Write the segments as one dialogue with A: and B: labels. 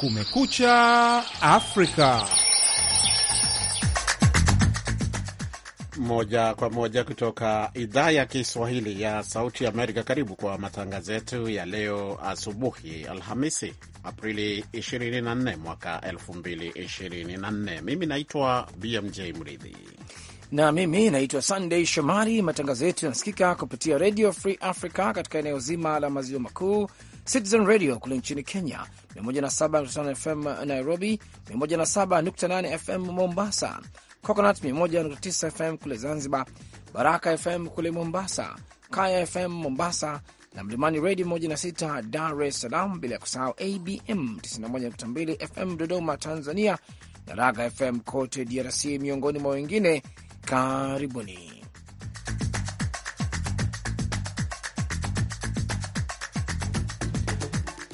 A: Kumekucha Afrika,
B: moja kwa moja kutoka idhaa ya Kiswahili ya Sauti Amerika. Karibu kwa matangazo yetu ya leo asubuhi, Alhamisi Aprili 24 mwaka 2024.
C: Mimi naitwa BMJ Mridhi na mimi naitwa Sunday Shomari. Matangazo yetu yanasikika kupitia Radio Free Africa katika eneo zima la maziwa makuu Citizen Radio kule nchini Kenya 107.5 FM Nairobi, 107.8 FM Mombasa, Coconut 101.9 FM kule Zanzibar, Baraka FM kule Mombasa, Kaya FM Mombasa na Mlimani Redio 106 Dar es Salaam, bila ya kusahau ABM 91.2 FM Dodoma Tanzania na Raga FM kote DRC miongoni mwa wengine. Karibuni.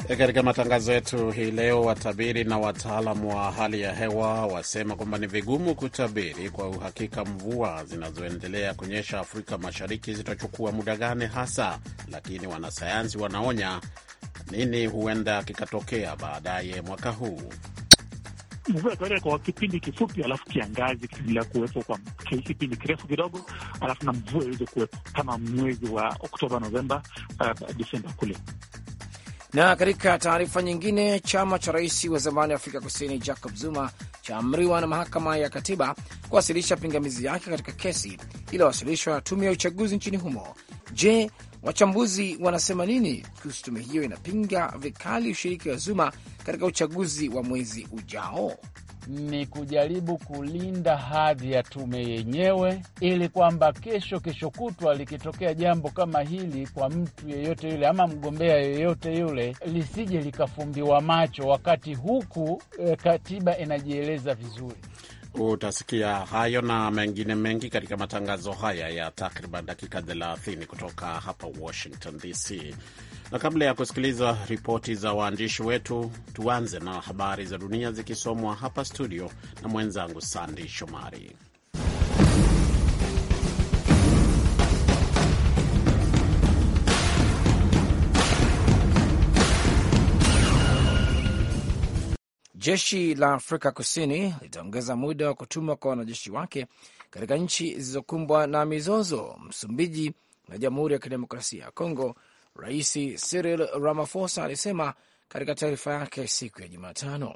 B: Katika matangazo yetu hii leo, watabiri na wataalamu wa hali ya hewa wasema kwamba ni vigumu kutabiri kwa uhakika mvua zinazoendelea kunyesha Afrika Mashariki zitachukua muda gani hasa, lakini wanasayansi wanaonya nini huenda kikatokea baadaye mwaka huu.
A: Mvua itaenda kwa kipindi kifupi, alafu kiangazi kiendelea kuwepo kwa kipindi kirefu kidogo, alafu na mvua iweze kuwepo kama mwezi wa Oktoba, Novemba, uh, Desemba kule
C: na katika taarifa nyingine, chama cha rais wa zamani wa Afrika Kusini Jacob Zuma chaamriwa na mahakama ya katiba kuwasilisha pingamizi yake katika kesi iliyowasilishwa tume ya uchaguzi nchini humo. Je, wachambuzi wanasema nini kuhusu tume hiyo inapinga vikali ushiriki wa Zuma katika uchaguzi wa mwezi ujao? ni
D: kujaribu kulinda hadhi ya tume yenyewe, ili kwamba kesho kesho kutwa likitokea jambo kama hili kwa mtu yeyote yule ama mgombea yeyote yule lisije likafumbiwa macho, wakati huku e, katiba inajieleza vizuri.
B: Utasikia hayo na mengine mengi katika matangazo haya ya takriban dakika 30 kutoka hapa Washington DC. Na kabla ya kusikiliza ripoti za waandishi wetu, tuanze na habari za dunia zikisomwa hapa studio na mwenzangu Sandi Shomari.
C: Jeshi la Afrika Kusini litaongeza muda wa kutumwa kwa wanajeshi wake katika nchi zilizokumbwa na mizozo, Msumbiji na Jamhuri ya Kidemokrasia ya Kongo Rais Cyril Ramaphosa alisema katika taarifa yake siku ya Jumatano.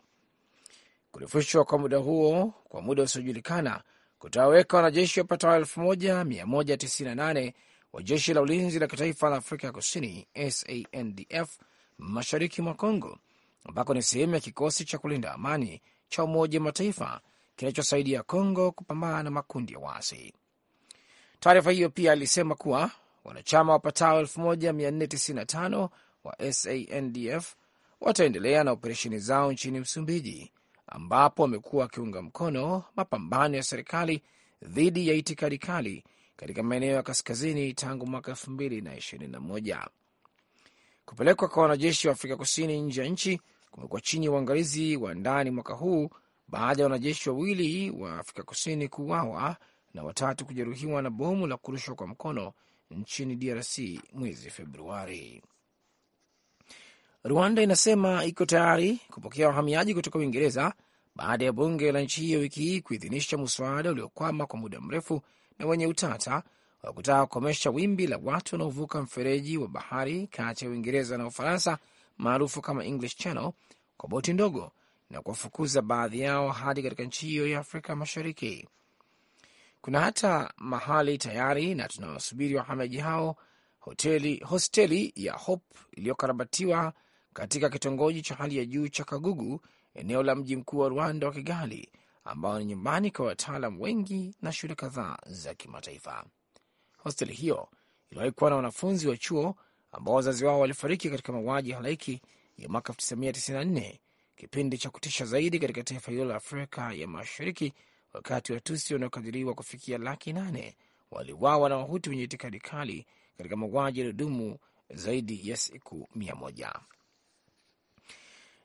C: Kurefushwa kwa muda huo kwa muda usiojulikana kutaweka wanajeshi wapatao 1198 wa jeshi la ulinzi la kitaifa la Afrika ya Kusini, SANDF, mashariki mwa congo ambako ni sehemu ya kikosi cha kulinda amani cha Umoja wa Mataifa kinachosaidia congo kupambana na makundi ya waasi. Taarifa hiyo pia alisema kuwa wanachama wapatao 1495 wa SANDF wataendelea na operesheni zao nchini Msumbiji, ambapo wamekuwa wakiunga mkono mapambano ya serikali dhidi ya itikadi kali katika maeneo ya kaskazini tangu mwaka 2021. Kupelekwa kwa wanajeshi wa Afrika Kusini nje ya nchi kumekuwa chini ya uangalizi wa ndani mwaka huu baada ya wanajeshi wawili wa Afrika Kusini kuuawa na watatu kujeruhiwa na bomu la kurushwa kwa mkono nchini DRC mwezi Februari. Rwanda inasema iko tayari kupokea wahamiaji kutoka Uingereza baada ya bunge la nchi hiyo wiki hii kuidhinisha muswada uliokwama kwa muda mrefu na wenye utata wa kutaka kukomesha wimbi la watu wanaovuka mfereji wa bahari kati ya Uingereza na Ufaransa maarufu kama English Channel kwa boti ndogo na kuwafukuza baadhi yao hadi katika nchi hiyo ya Afrika Mashariki. Kuna hata mahali tayari na tunawasubiri wahamiaji hao, hoteli hosteli ya Hope iliyokarabatiwa katika kitongoji cha hali ya juu cha Kagugu, eneo la mji mkuu wa Rwanda wa Kigali, ambao ni nyumbani kwa wataalam wengi na shule kadhaa za kimataifa. Hosteli hiyo iliwahi kuwa na wanafunzi wa chuo ambao wazazi wao walifariki katika mauaji halaiki ya mwaka 1994, kipindi cha kutisha zaidi katika taifa hilo la Afrika ya Mashariki wakati Watusi wanaokadiriwa kufikia laki nane waliwawa na Wahutu wenye itikadi kali katika mauaji yaliyodumu zaidi ya siku mia moja.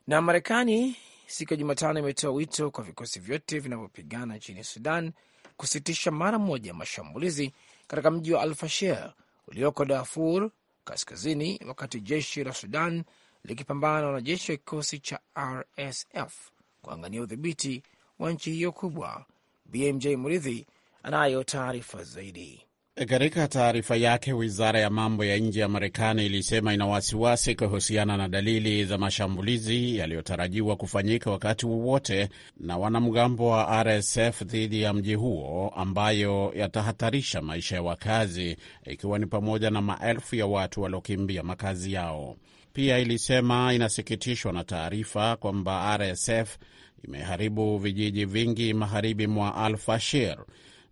C: Na Marekani siku ya Jumatano imetoa wito kwa vikosi vyote vinavyopigana nchini Sudan kusitisha mara moja mashambulizi katika mji wa Alfashir ulioko Darfur kaskazini, wakati jeshi la Sudan likipambana na wanajeshi wa kikosi cha RSF kuangania udhibiti wa nchi hiyo kubwa BMJ Mridhi anayo taarifa zaidi.
B: Katika taarifa yake, wizara ya mambo ya nje ya Marekani ilisema ina wasiwasi kuhusiana na dalili za mashambulizi yaliyotarajiwa kufanyika wakati wowote na wanamgambo wa RSF dhidi ya mji huo ambayo yatahatarisha maisha ya wakazi, ikiwa ni pamoja na maelfu ya watu waliokimbia makazi yao. Pia ilisema inasikitishwa na taarifa kwamba RSF imeharibu vijiji vingi magharibi mwa Al-Fashir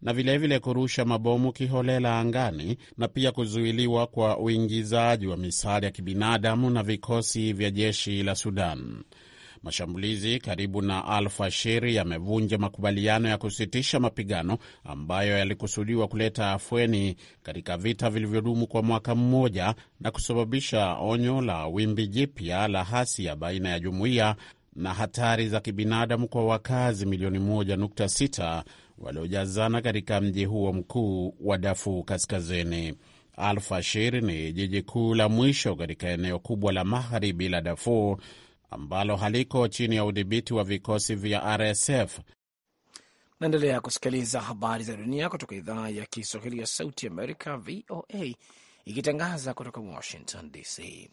B: na vilevile vile kurusha mabomu kiholela angani na pia kuzuiliwa kwa uingizaji wa misaada ya kibinadamu na vikosi vya jeshi la Sudan. Mashambulizi karibu na al yamevunja makubaliano ya kusitisha mapigano ambayo yalikusudiwa kuleta afueni katika vita vilivyodumu kwa mwaka mmoja na kusababisha onyo la wimbi jipya la hasia baina ya jumuiya na hatari za kibinadamu kwa wakazi milioni 1.6 waliojazana katika mji huo mkuu wa dafu Kaskazini. Al-Fashir ni jiji kuu la mwisho katika eneo kubwa la magharibi la dafur ambalo haliko chini ya udhibiti wa vikosi vya RSF.
C: Naendelea kusikiliza habari za dunia kutoka idhaa ya Kiswahili ya Sauti Amerika, VOA, ikitangaza kutoka Washington DC.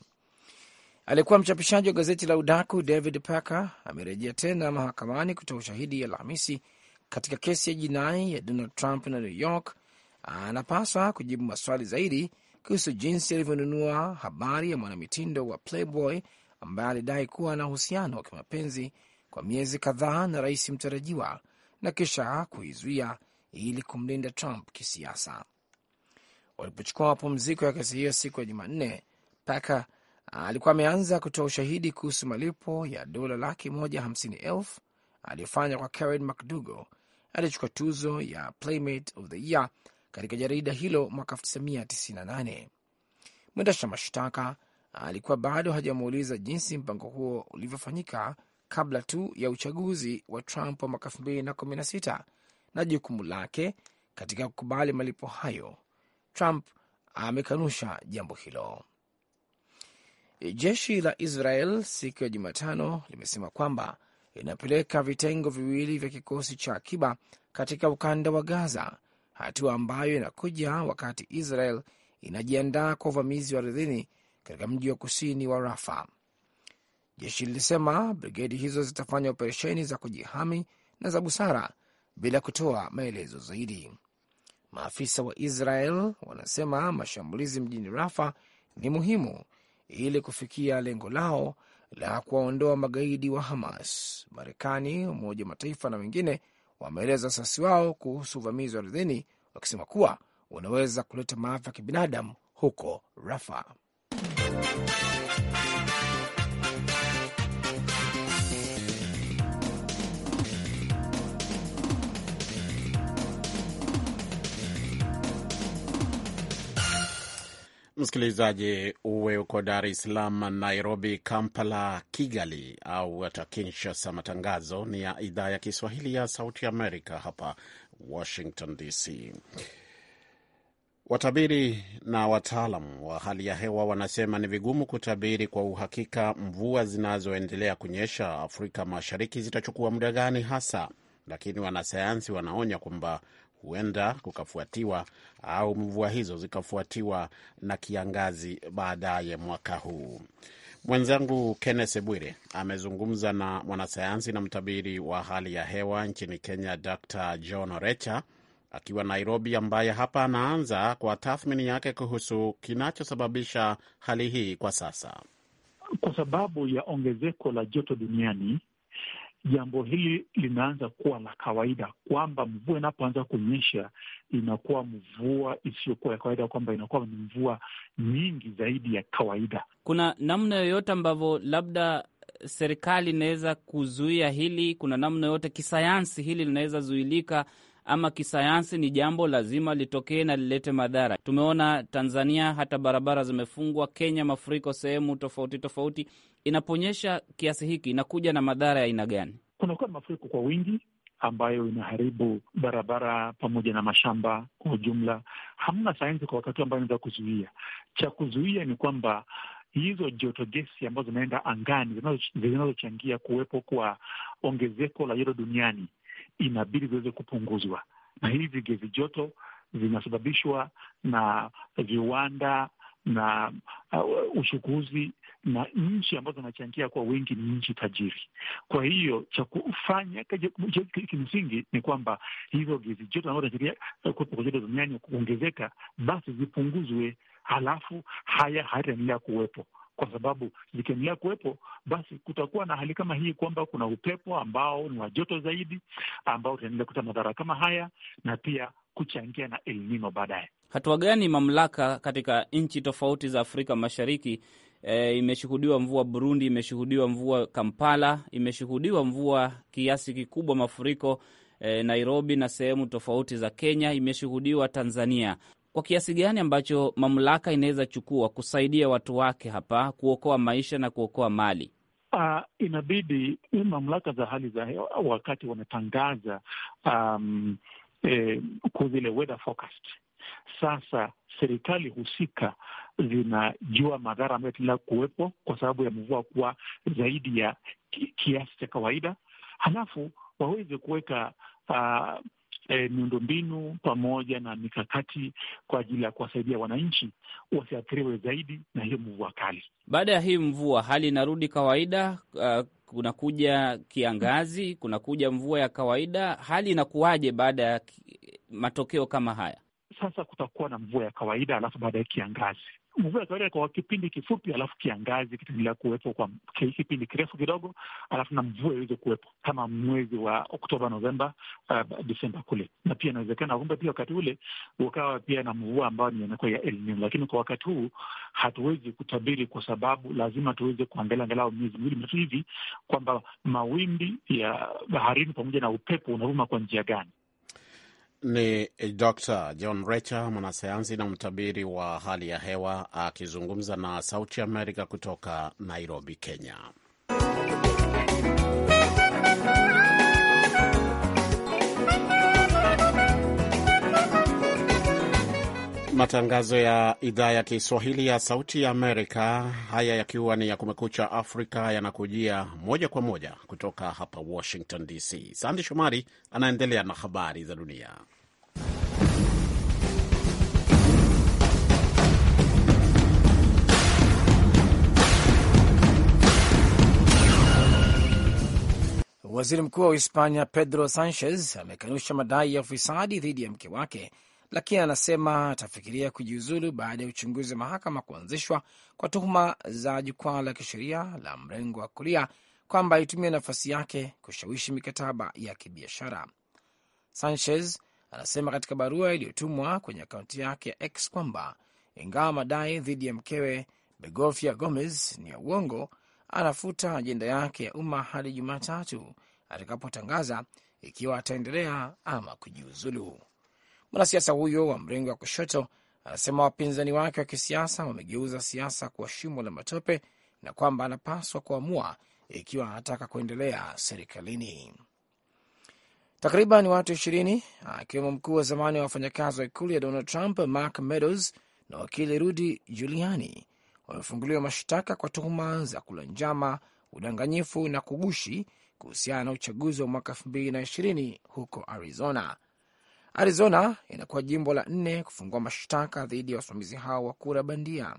C: Alikuwa mchapishaji wa gazeti la udaku David Packer amerejea tena mahakamani kutoa ushahidi Alhamisi katika kesi ya jinai ya Donald Trump na New York. Anapaswa kujibu maswali zaidi kuhusu jinsi alivyonunua habari ya mwanamitindo wa Playboy ambaye alidai kuwa na uhusiano wa kimapenzi kwa miezi kadhaa na rais mtarajiwa na kisha kuizuia ili kumlinda Trump kisiasa. Walipochukua mapumziko ya kesi hiyo siku ya Jumanne, Packer ah, alikuwa ameanza kutoa ushahidi kuhusu malipo ya dola laki moja hamsini elfu aliyofanya kwa Karen McDougal aliyechukua tuzo ya Playmate of the Year katika jarida hilo mwaka 1998. Mwendesha mashtaka alikuwa bado hajamuuliza jinsi mpango huo ulivyofanyika kabla tu ya uchaguzi wa Trump wa mwaka 2016 na jukumu lake katika kukubali malipo hayo. Trump amekanusha jambo hilo. Jeshi la Israel siku ya Jumatano limesema kwamba inapeleka vitengo viwili vya kikosi cha akiba katika ukanda wa Gaza, hatua ambayo inakuja wakati Israel inajiandaa kwa uvamizi wa ardhini katika mji wa kusini wa Rafa. Jeshi lilisema brigedi hizo zitafanya operesheni za kujihami na za busara bila kutoa maelezo zaidi. Maafisa wa Israel wanasema mashambulizi mjini Rafa ni muhimu ili kufikia lengo lao la kuwaondoa magaidi wa Hamas. Marekani, Umoja wa Mataifa na wengine wameeleza wasiwasi wao kuhusu uvamizi wa ardhini, wakisema kuwa unaweza kuleta maafa ya kibinadamu huko Rafa.
B: Msikilizaji, uwe uko Dar es Salaam, Nairobi, Kampala, Kigali au hata Kinshasa, matangazo ni ya idhaa ya Kiswahili ya Sauti Amerika hapa Washington DC. Watabiri na wataalam wa hali ya hewa wanasema ni vigumu kutabiri kwa uhakika mvua zinazoendelea kunyesha Afrika Mashariki zitachukua muda gani hasa, lakini wanasayansi wanaonya kwamba huenda kukafuatiwa au mvua hizo zikafuatiwa na kiangazi baadaye mwaka huu. Mwenzangu Kenneth Bwire amezungumza na mwanasayansi na mtabiri wa hali ya hewa nchini Kenya, Dr John Orecha akiwa Nairobi, ambaye hapa anaanza kwa tathmini yake kuhusu kinachosababisha hali hii kwa sasa.
A: Kwa sababu ya ongezeko la joto duniani, jambo hili linaanza kuwa la kawaida, kwamba mvua inapoanza kunyesha inakuwa mvua isiyokuwa ya kawaida, kwamba inakuwa ni mvua nyingi zaidi ya kawaida.
E: Kuna namna yoyote ambavyo labda serikali inaweza kuzuia hili? Kuna namna yoyote kisayansi hili linaweza zuilika ama kisayansi ni jambo lazima litokee na lilete madhara. Tumeona Tanzania hata barabara zimefungwa, Kenya mafuriko sehemu tofauti tofauti. Inaponyesha kiasi hiki, inakuja na madhara ya aina gani? Kunakuwa na mafuriko kwa wingi
A: ambayo inaharibu barabara pamoja na mashamba kwa ujumla. Hamna sayansi kwa wakati ambayo inaweza kuzuia. Cha kuzuia ni kwamba hizo joto gesi ambazo zinaenda angani zinazochangia kuwepo kwa ongezeko la joto duniani inabidi ziweze kupunguzwa, na hivi gesi joto zinasababishwa na viwanda na uh, uchukuzi na nchi ambazo zinachangia kwa wingi ni nchi tajiri. Kwa hiyo cha kufanya kimsingi ni kwamba hizo gesi joto ambazo zinachangia uh, kuwepo joto duniani kuongezeka, basi zipunguzwe, halafu haya hayataendelea kuwepo kwa sababu zikiendelea kuwepo, basi kutakuwa na hali kama hii kwamba kuna upepo ambao ni wa joto zaidi ambao utaendelea kuta madhara kama haya na pia kuchangia na El Nino baadaye.
E: Hatua gani mamlaka katika nchi tofauti za Afrika Mashariki? E, imeshuhudiwa mvua Burundi, imeshuhudiwa mvua Kampala, imeshuhudiwa mvua kiasi kikubwa, mafuriko e, Nairobi na sehemu tofauti za Kenya, imeshuhudiwa Tanzania kwa kiasi gani ambacho mamlaka inaweza chukua kusaidia watu wake hapa kuokoa maisha na kuokoa mali?
A: Uh, inabidi mamlaka za hali za hewa wakati wanatangaza um, eh, zile weather forecast. Sasa serikali husika zinajua madhara ambayo yataendelea kuwepo kwa sababu ya mvua kuwa zaidi ya kiasi cha kawaida, halafu waweze kuweka uh, eh, miundombinu pamoja na mikakati kwa ajili ya kuwasaidia wananchi wasiathiriwe zaidi na hiyo mvua kali.
E: Baada ya hii mvua, hali inarudi kawaida. Uh, kunakuja kiangazi, kunakuja mvua ya kawaida. Hali inakuwaje baada ya matokeo kama haya?
A: Sasa kutakuwa na mvua ya kawaida alafu baada ya kiangazi mvua ya kawaida kwa kipindi kifupi, alafu kiangazi kitaendelea kuwepo kwa kipindi kirefu kidogo, alafu na mvua iweze kuwepo kama mwezi wa Oktoba, Novemba, uh, Desemba kule. Na pia inawezekana kumbe pia wakati ule ukawa pia na mvua ambayo ni inakuwa ya El Nino, lakini kwa wakati huu hatuwezi kutabiri, kwa sababu lazima tuweze kuangalia angalau miezi miwili mitatu hivi kwamba mawimbi ya baharini pamoja na upepo unavuma kwa njia gani.
B: Ni eh, Dr John Recha, mwanasayansi na mtabiri wa hali ya hewa akizungumza na Sauti Amerika kutoka Nairobi, Kenya. Matangazo ya idhaa ya Kiswahili ya Sauti ya Amerika, haya yakiwa ni ya Kumekucha Afrika, yanakujia moja kwa moja kutoka hapa Washington DC. Sandi Shomari anaendelea na habari za dunia.
C: Waziri Mkuu wa Uhispania Pedro Sanchez amekanusha madai ya ufisadi dhidi ya mke wake lakini anasema atafikiria kujiuzulu baada ya uchunguzi wa mahakama kuanzishwa kwa tuhuma za jukwaa la kisheria la mrengo wa kulia kwamba alitumia nafasi yake kushawishi mikataba ya kibiashara. Sanchez anasema katika barua iliyotumwa kwenye akaunti yake ya X kwamba ingawa madai dhidi ya mkewe Begofia Gomez ni ya uongo, anafuta ajenda yake ya umma hadi Jumatatu atakapotangaza ikiwa ataendelea ama kujiuzulu. Mwanasiasa huyo wa mrengo wa kushoto anasema wapinzani wake wa kisiasa wamegeuza siasa kuwa shimo la matope na kwamba anapaswa kuamua ikiwa anataka kuendelea serikalini. Takriban watu ishirini akiwemo mkuu wa zamani wa wafanyakazi wa ikulu ya Donald Trump Mark Meadows na wakili Rudy Giuliani wamefunguliwa mashtaka kwa tuhuma za kula njama, udanganyifu na kugushi kuhusiana na uchaguzi wa mwaka elfu mbili na ishirini huko Arizona. Arizona inakuwa jimbo la nne kufungua mashtaka dhidi ya wasimamizi hao wa kura bandia.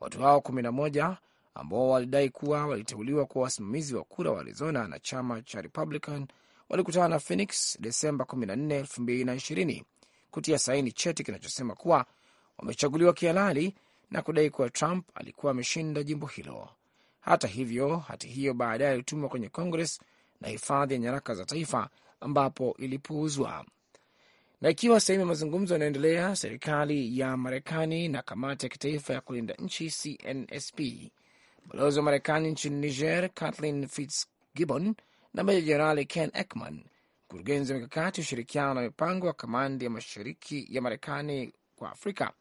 C: Watu hao kumi na moja ambao walidai kuwa waliteuliwa kuwa wasimamizi wa kura wa Arizona na chama cha Republican walikutana na Phoenix Desemba 14, 2020 kutia saini cheti kinachosema kuwa wamechaguliwa kihalali na kudai kuwa Trump alikuwa ameshinda jimbo hilo. Hata hivyo, hati hiyo baadaye ilitumwa kwenye Congress na hifadhi ya nyaraka za taifa ambapo ilipuuzwa. Na ikiwa sehemu ya mazungumzo yanaendelea, serikali ya Marekani na kamati ya kitaifa ya kulinda nchi CNSP, balozi wa Marekani nchini Niger Kathleen Fitzgibbon na meja jenerali Ken Ekman, mkurugenzi wa mikakati ushirikiano na mipango wa kamandi ya mashariki ya Marekani kwa Afrika,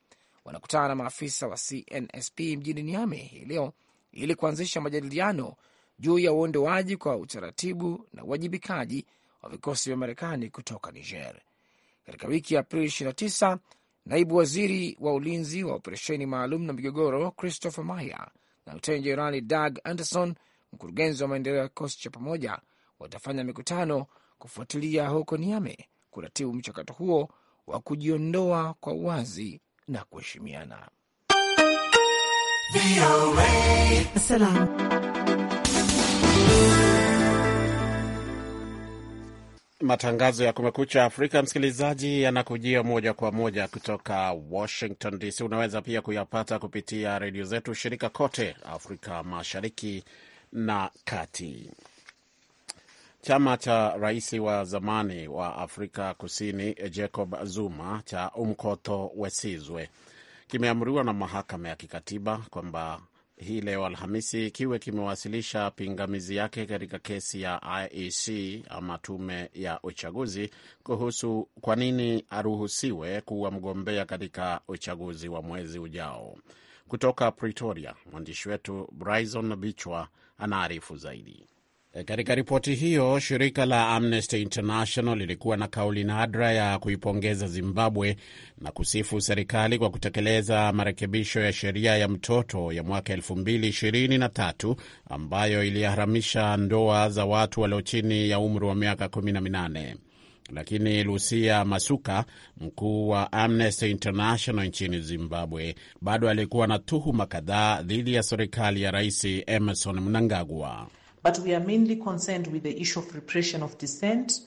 C: wanakutana na maafisa wa CNSP mjini niame hii leo ili kuanzisha majadiliano juu ya uondoaji kwa utaratibu na uwajibikaji wa vikosi vya Marekani kutoka Niger. Katika wiki ya Aprili 29, naibu waziri wa ulinzi wa operesheni maalum na migogoro Christopher Maya na luteni jenerali Doug Anderson, mkurugenzi wa maendeleo ya kikosi cha pamoja, watafanya mikutano kufuatilia huko Niame kuratibu mchakato huo wa kujiondoa kwa uwazi na kuheshimiana.
B: Matangazo ya Kumekucha Afrika, msikilizaji, yanakujia moja kwa moja kutoka Washington DC. Unaweza pia kuyapata kupitia redio zetu shirika kote Afrika Mashariki na Kati. Chama cha rais wa zamani wa Afrika Kusini Jacob Zuma cha umkoto wesizwe kimeamriwa na mahakama ya kikatiba kwamba hii leo Alhamisi kiwe kimewasilisha pingamizi yake katika kesi ya IEC ama tume ya uchaguzi kuhusu kwa nini aruhusiwe kuwa mgombea katika uchaguzi wa mwezi ujao. Kutoka Pretoria, mwandishi wetu Bryson Bichwa anaarifu zaidi. Eh, katika ripoti hiyo, shirika la Amnesty International lilikuwa na kauli nadra ya kuipongeza Zimbabwe na kusifu serikali kwa kutekeleza marekebisho ya sheria ya mtoto ya mwaka 2023 ambayo iliharamisha ndoa za watu walio chini ya umri wa miaka 18. Lakini Lucia Masuka, mkuu wa Amnesty International nchini Zimbabwe, bado alikuwa na tuhuma kadhaa dhidi ya serikali ya Rais Emerson Mnangagwa.
C: But we are mainly concerned with the issue of repression of dissent.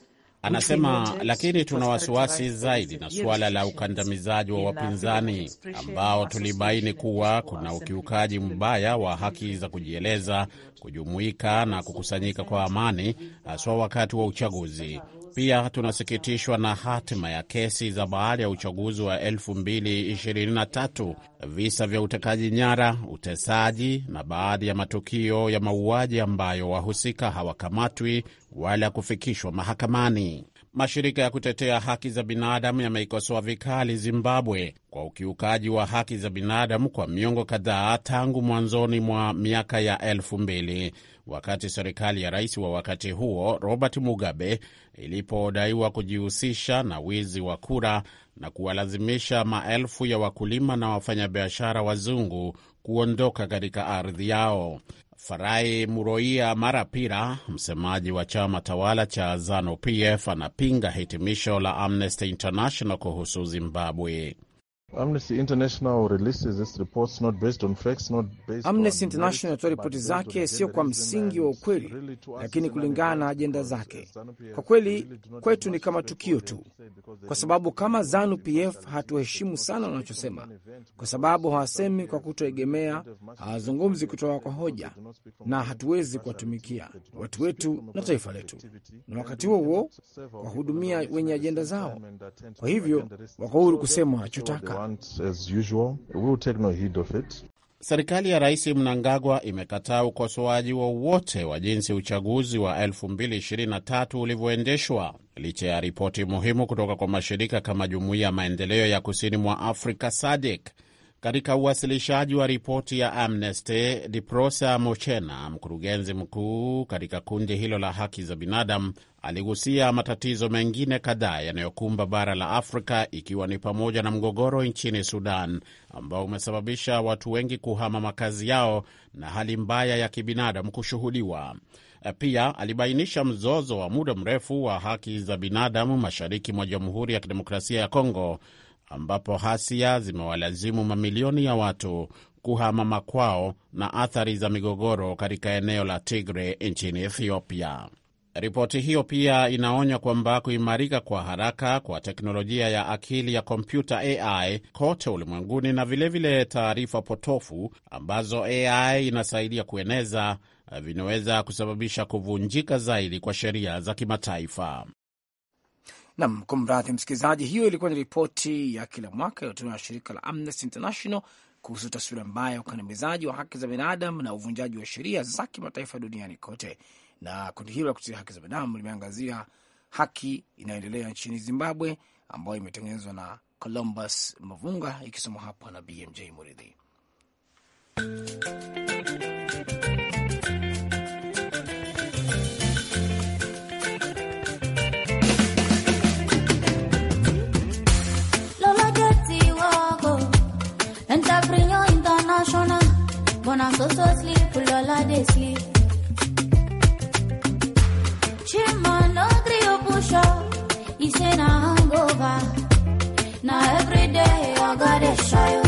C: Anasema lakini tuna wasiwasi zaidi na suala
B: la ukandamizaji wa wapinzani ambao tulibaini kuwa kuna ukiukaji mbaya wa haki za kujieleza, kujumuika na kukusanyika kwa amani, haswa wakati wa uchaguzi. Pia tunasikitishwa na hatima ya kesi za baada ya uchaguzi wa 2023, visa vya utekaji nyara, utesaji na baadhi ya matukio ya mauaji ambayo wahusika hawakamatwi wala kufikishwa mahakamani. Mashirika ya kutetea haki za binadamu yameikosoa vikali Zimbabwe kwa ukiukaji wa haki za binadamu kwa miongo kadhaa tangu mwanzoni mwa miaka ya elfu mbili wakati serikali ya rais wa wakati huo Robert Mugabe ilipodaiwa kujihusisha na wizi wa kura na kuwalazimisha maelfu ya wakulima na wafanyabiashara wazungu kuondoka katika ardhi yao. Farai Muroia Marapira, msemaji wa chama tawala cha Zanu PF, anapinga hitimisho la Amnesty International kuhusu Zimbabwe. Amnesty International
C: inatoa ripoti zake sio kwa msingi wa ukweli, lakini kulingana na ajenda zake. Kwa kweli, kwetu ni kama tukio tu, kwa sababu kama ZANU-PF hatuheshimu sana wanachosema, kwa sababu hawasemi kwa kutoegemea, hawazungumzi kutoka kwa hoja, na hatuwezi kuwatumikia watu wetu na taifa letu, na wakati huo huo wahudumia wenye ajenda zao. Kwa hivyo wako huru kusema wanachotaka as usual.
B: We will take no heed of it. Serikali ya Rais Mnangagwa imekataa ukosoaji wowote wa, wa jinsi uchaguzi wa 2023 ulivyoendeshwa licha ya ripoti muhimu kutoka kwa mashirika kama Jumuiya ya Maendeleo ya Kusini mwa Afrika SADC. Katika uwasilishaji wa ripoti ya Amnesty, Diprosa Mochena, mkurugenzi mkuu katika kundi hilo la haki za binadamu, aligusia matatizo mengine kadhaa yanayokumba bara la Afrika, ikiwa ni pamoja na mgogoro nchini Sudan ambao umesababisha watu wengi kuhama makazi yao na hali mbaya ya kibinadamu kushuhudiwa. Pia alibainisha mzozo wa muda mrefu wa haki za binadamu mashariki mwa Jamhuri ya Kidemokrasia ya Kongo, ambapo hasia zimewalazimu mamilioni ya watu kuhama makwao na athari za migogoro katika eneo la Tigre nchini Ethiopia. Ripoti hiyo pia inaonya kwamba kuimarika kwa haraka kwa teknolojia ya akili ya kompyuta AI kote ulimwenguni na vilevile taarifa potofu ambazo AI inasaidia kueneza vinaweza kusababisha kuvunjika zaidi kwa sheria za kimataifa.
C: Nam, kumradhi msikilizaji, hiyo ilikuwa ni ripoti ya kila mwaka iliyotolewa na shirika la Amnesty International kuhusu taswira mbaya ya ukandamizaji wa haki za binadamu na uvunjaji wa sheria za kimataifa duniani kote. Na kundi hilo la kutetea haki za binadamu limeangazia haki inayoendelea nchini Zimbabwe, ambayo imetengenezwa na Columbus Mavunga, ikisoma hapa na BMJ Muridhi.
E: He you say now I'm over. Now every day I gotta show you.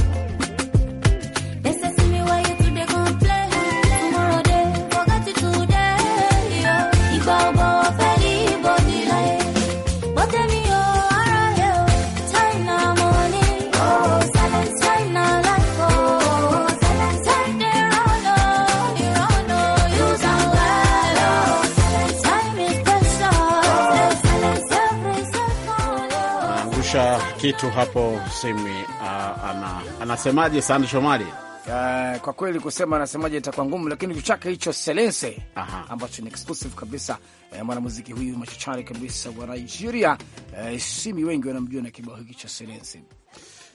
B: kuonyesha kitu hapo Simi. Uh, ana, anasemaje Sandi Shomari?
C: Uh, kwa kweli kusema anasemaje itakuwa ngumu, lakini kitu chake hicho Selense ambacho ni exclusive kabisa. Uh, mwanamuziki huyu machachari kabisa wa Nigeria. Uh, eh, Simi wengi wanamjua na kibao hiki cha Selense.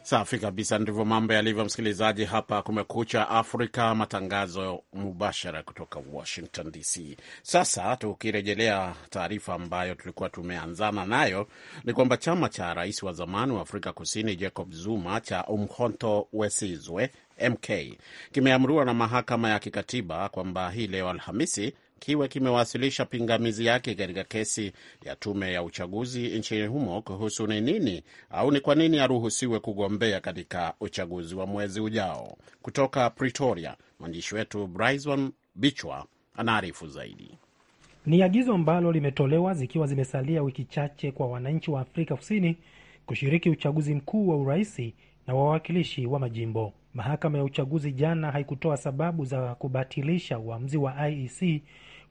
B: Safi kabisa, ndivyo mambo yalivyo, msikilizaji. Hapa Kumekucha Afrika, matangazo mubashara kutoka Washington DC. Sasa tukirejelea taarifa ambayo tulikuwa tumeanzana nayo, ni kwamba chama cha rais wa zamani wa Afrika Kusini Jacob Zuma cha Umkhonto Wesizwe MK kimeamriwa na mahakama ya kikatiba kwamba hii leo Alhamisi kiwe kimewasilisha pingamizi yake katika kesi ya tume ya uchaguzi nchini humo kuhusu ni nini au ni kwa nini aruhusiwe kugombea katika uchaguzi wa mwezi ujao. Kutoka Pretoria, mwandishi wetu Bryson Bichwa anaarifu zaidi.
F: Ni agizo ambalo limetolewa zikiwa zimesalia wiki chache kwa wananchi wa Afrika Kusini kushiriki uchaguzi mkuu wa uraisi na wawakilishi wa majimbo. Mahakama ya uchaguzi jana haikutoa sababu za kubatilisha uamuzi wa IEC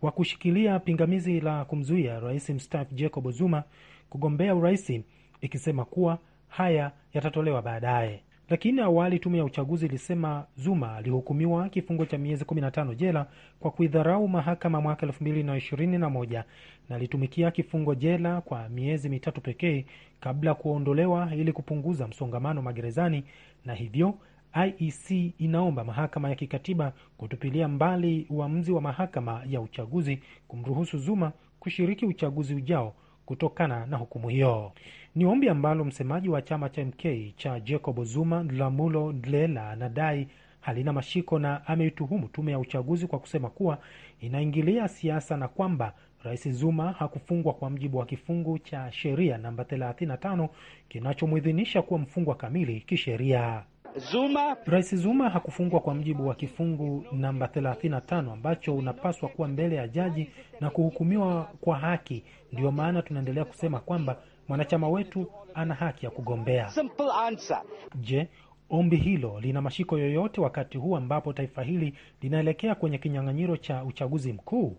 F: wa kushikilia pingamizi la kumzuia rais mstaafu Jacob Zuma kugombea urais, ikisema kuwa haya yatatolewa baadaye. Lakini awali tume ya uchaguzi ilisema Zuma alihukumiwa kifungo cha miezi 15 jela kwa kuidharau mahakama mwaka 2021 na alitumikia kifungo jela kwa miezi mitatu pekee kabla kuondolewa ili kupunguza msongamano magerezani na hivyo IEC inaomba mahakama ya kikatiba kutupilia mbali uamuzi wa mahakama ya uchaguzi kumruhusu Zuma kushiriki uchaguzi ujao kutokana na hukumu hiyo. Ni ombi ambalo msemaji wa chama cha MK cha Jacob Zuma Dlamulo Dlela anadai halina mashiko na ameituhumu tume ya uchaguzi kwa kusema kuwa inaingilia siasa na kwamba Rais Zuma hakufungwa kwa mjibu wa kifungu cha sheria namba 35 kinachomwidhinisha kuwa mfungwa kamili kisheria. Zuma. Rais Zuma hakufungwa kwa mjibu wa kifungu namba 35 ambacho unapaswa kuwa mbele ya jaji na kuhukumiwa kwa haki. Ndiyo maana tunaendelea kusema kwamba mwanachama wetu ana haki ya kugombea. Simple answer. Je, ombi hilo lina mashiko yoyote wakati huu ambapo taifa hili linaelekea kwenye kinyang'anyiro cha uchaguzi mkuu?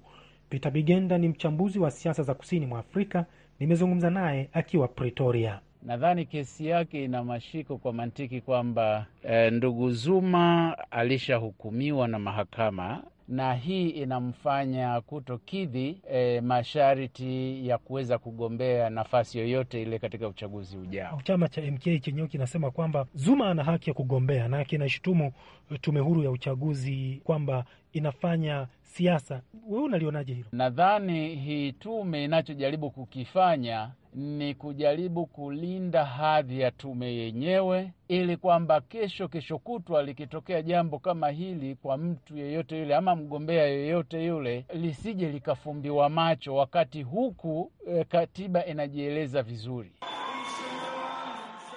F: Peter Bigenda ni mchambuzi wa siasa za kusini mwa Afrika. Nimezungumza naye
D: akiwa Pretoria. Nadhani kesi yake ina mashiko kwa mantiki kwamba e, ndugu Zuma alishahukumiwa na mahakama na hii inamfanya kutokidhi e, masharti ya kuweza kugombea nafasi yoyote ile katika uchaguzi ujao.
F: Chama cha MK chenyewe kinasema kwamba Zuma ana haki ya kugombea na kinashutumu eh, tume huru ya uchaguzi kwamba inafanya siasa.
D: Wewe unalionaje hilo? Nadhani hii tume inachojaribu kukifanya ni kujaribu kulinda hadhi ya tume yenyewe, ili kwamba kesho kesho kutwa likitokea jambo kama hili kwa mtu yeyote yule ama mgombea yeyote yule lisije likafumbiwa macho, wakati huku e, katiba inajieleza vizuri.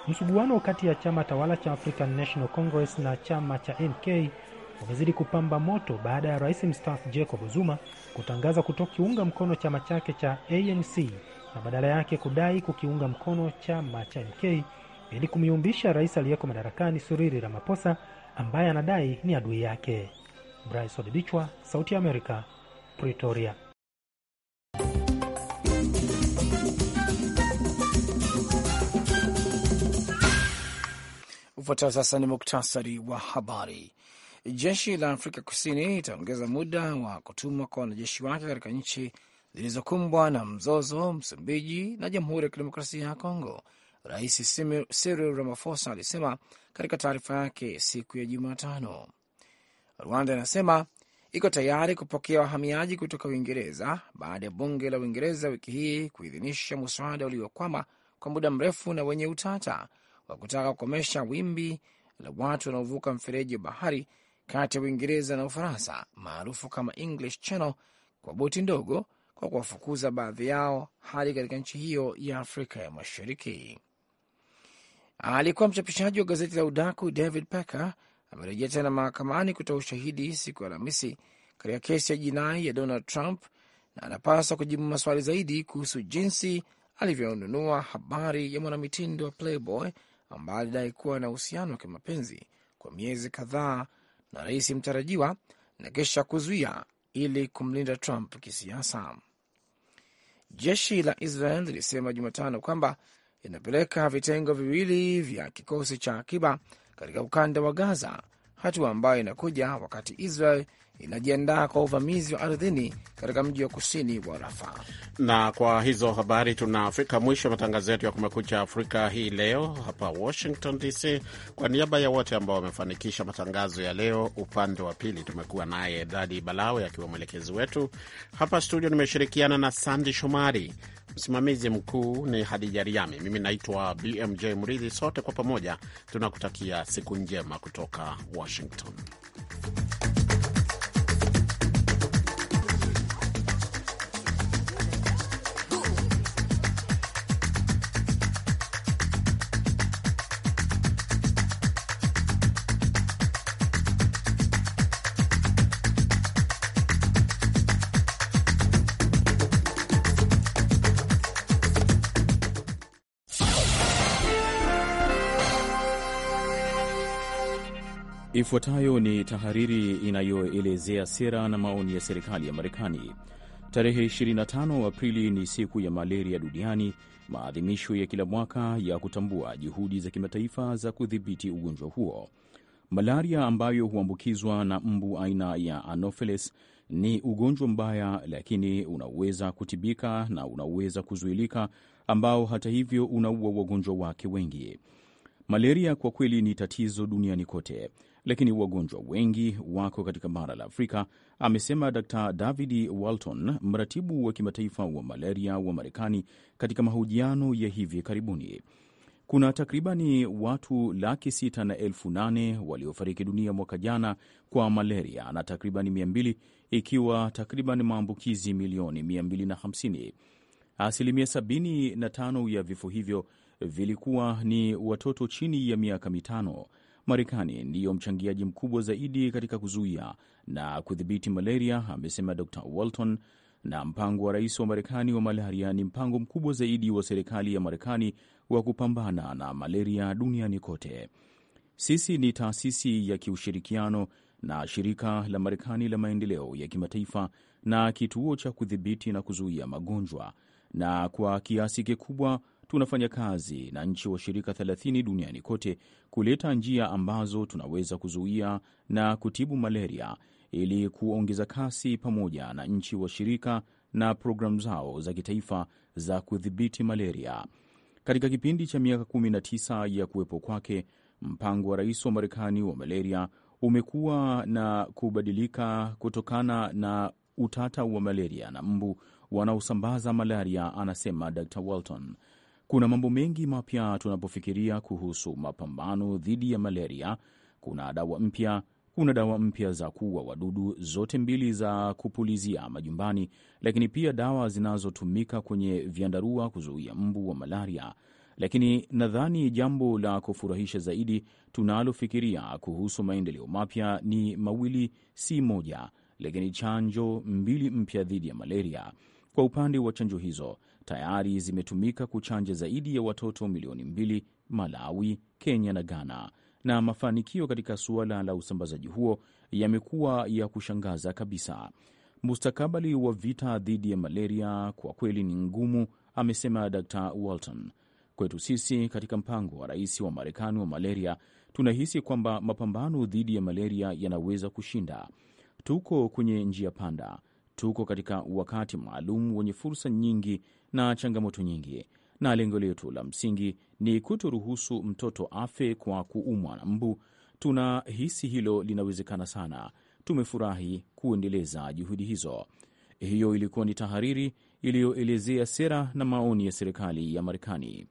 F: Msuguano kati ya chama tawala cha African National Congress na chama cha nk umezidi kupamba moto baada ya rais mstaafu Jacob Zuma kutangaza kutokiunga mkono chama chake cha ANC na badala yake kudai kukiunga mkono chama cha MK ili kumyumbisha rais aliyeko madarakani Suriri ramaposa ambaye anadai ni adui yake. Bryce Odichwa, Sauti ya Amerika,
C: Pretoria. Ufuatao sasa ni muktasari wa habari. Jeshi la Afrika Kusini itaongeza muda wa kutumwa kwa wanajeshi wake katika nchi zilizokumbwa na mzozo Msumbiji na Jamhuri ya Kidemokrasia ya Kongo, Rais Cyril Ramaphosa alisema katika taarifa yake siku ya Jumatano. Rwanda inasema iko tayari kupokea wahamiaji kutoka Uingereza baada ya bunge la Uingereza wiki hii kuidhinisha mswada uliokwama kwa muda mrefu na wenye utata wa kutaka kukomesha wimbi la watu wanaovuka mfereji wa bahari kati ya Uingereza na Ufaransa maarufu kama English Channel kwa boti ndogo kwa kuwafukuza baadhi yao hadi katika nchi hiyo ya Afrika ya Mashariki. Alikuwa mchapishaji wa gazeti la udaku David Pecker amerejea tena mahakamani kutoa ushahidi siku ya Alhamisi katika kesi ya jinai ya Donald Trump na anapaswa kujibu maswali zaidi kuhusu jinsi alivyonunua habari ya mwanamitindo wa Playboy ambaye alidai kuwa na uhusiano wa kimapenzi kwa miezi kadhaa na rais mtarajiwa na kisha kuzuia ili kumlinda Trump kisiasa. Jeshi la Israel lilisema Jumatano kwamba linapeleka vitengo viwili vya kikosi cha akiba katika ukanda wa Gaza hatua ambayo inakuja wakati Israel inajiandaa kwa uvamizi wa ardhini katika mji wa kusini wa Rafa.
B: Na kwa hizo habari tunafika mwisho matangazo yetu ya Kumekucha Afrika hii leo hapa Washington DC. Kwa niaba ya wote ambao wamefanikisha matangazo ya leo, upande wa pili tumekuwa naye Dadi Balawe akiwa mwelekezi wetu hapa studio, nimeshirikiana na Sandi Shomari. Msimamizi mkuu ni Hadija Riami, mimi naitwa BMJ Mridhi. Sote kwa pamoja tunakutakia siku njema kutoka Washington.
G: Ifuatayo ni tahariri inayoelezea sera na maoni ya serikali ya Marekani. Tarehe 25 Aprili ni siku ya malaria duniani, maadhimisho ya kila mwaka ya kutambua juhudi za kimataifa za kudhibiti ugonjwa huo. Malaria ambayo huambukizwa na mbu aina ya Anopheles ni ugonjwa mbaya, lakini unaweza kutibika na unaweza kuzuilika, ambao hata hivyo unaua wagonjwa wake wengi. Malaria kwa kweli ni tatizo duniani kote, lakini wagonjwa wengi wako katika bara la Afrika, amesema Dr David Walton, mratibu wa kimataifa wa malaria wa Marekani, katika mahojiano ya hivi karibuni. Kuna takribani watu laki sita na elfu nane waliofariki dunia mwaka jana kwa malaria na takribani 200 ikiwa takriban maambukizi milioni 250. Asilimia 75 ya vifo hivyo vilikuwa ni watoto chini ya miaka mitano. Marekani ndiyo mchangiaji mkubwa zaidi katika kuzuia na kudhibiti malaria, amesema Dr Walton. Na mpango wa rais wa Marekani wa malaria ni mpango mkubwa zaidi wa serikali ya Marekani wa kupambana na malaria duniani kote. Sisi ni taasisi ya kiushirikiano na shirika la Marekani la maendeleo ya kimataifa na kituo cha kudhibiti na kuzuia magonjwa, na kwa kiasi kikubwa tunafanya kazi na nchi washirika 30 duniani kote kuleta njia ambazo tunaweza kuzuia na kutibu malaria ili kuongeza kasi pamoja na nchi washirika na programu zao za kitaifa za kudhibiti malaria. Katika kipindi cha miaka 19 ya kuwepo kwake, mpango wa rais wa Marekani wa malaria umekuwa na kubadilika kutokana na utata wa malaria na mbu wanaosambaza malaria, anasema Dr Walton. Kuna mambo mengi mapya tunapofikiria kuhusu mapambano dhidi ya malaria. Kuna dawa mpya, kuna dawa mpya za kuua wadudu, zote mbili za kupulizia majumbani, lakini pia dawa zinazotumika kwenye vyandarua kuzuia mbu wa malaria. Lakini nadhani jambo la kufurahisha zaidi tunalofikiria kuhusu maendeleo mapya ni mawili, si moja, lakini chanjo mbili mpya dhidi ya malaria. Kwa upande wa chanjo hizo tayari zimetumika kuchanja zaidi ya watoto milioni mbili Malawi, Kenya na Ghana, na mafanikio katika suala la usambazaji huo yamekuwa ya kushangaza kabisa. Mustakabali wa vita dhidi ya malaria kwa kweli ni ngumu, amesema Dr Walton. Kwetu sisi katika mpango wa rais wa Marekani wa malaria, tunahisi kwamba mapambano dhidi ya malaria yanaweza kushinda. Tuko kwenye njia panda, Tuko katika wakati maalum wenye fursa nyingi na changamoto nyingi, na lengo letu la msingi ni kutoruhusu mtoto afe kwa kuumwa na mbu. Tunahisi hilo linawezekana sana. Tumefurahi kuendeleza juhudi hizo. Hiyo ilikuwa ni tahariri iliyoelezea sera na maoni ya serikali ya Marekani.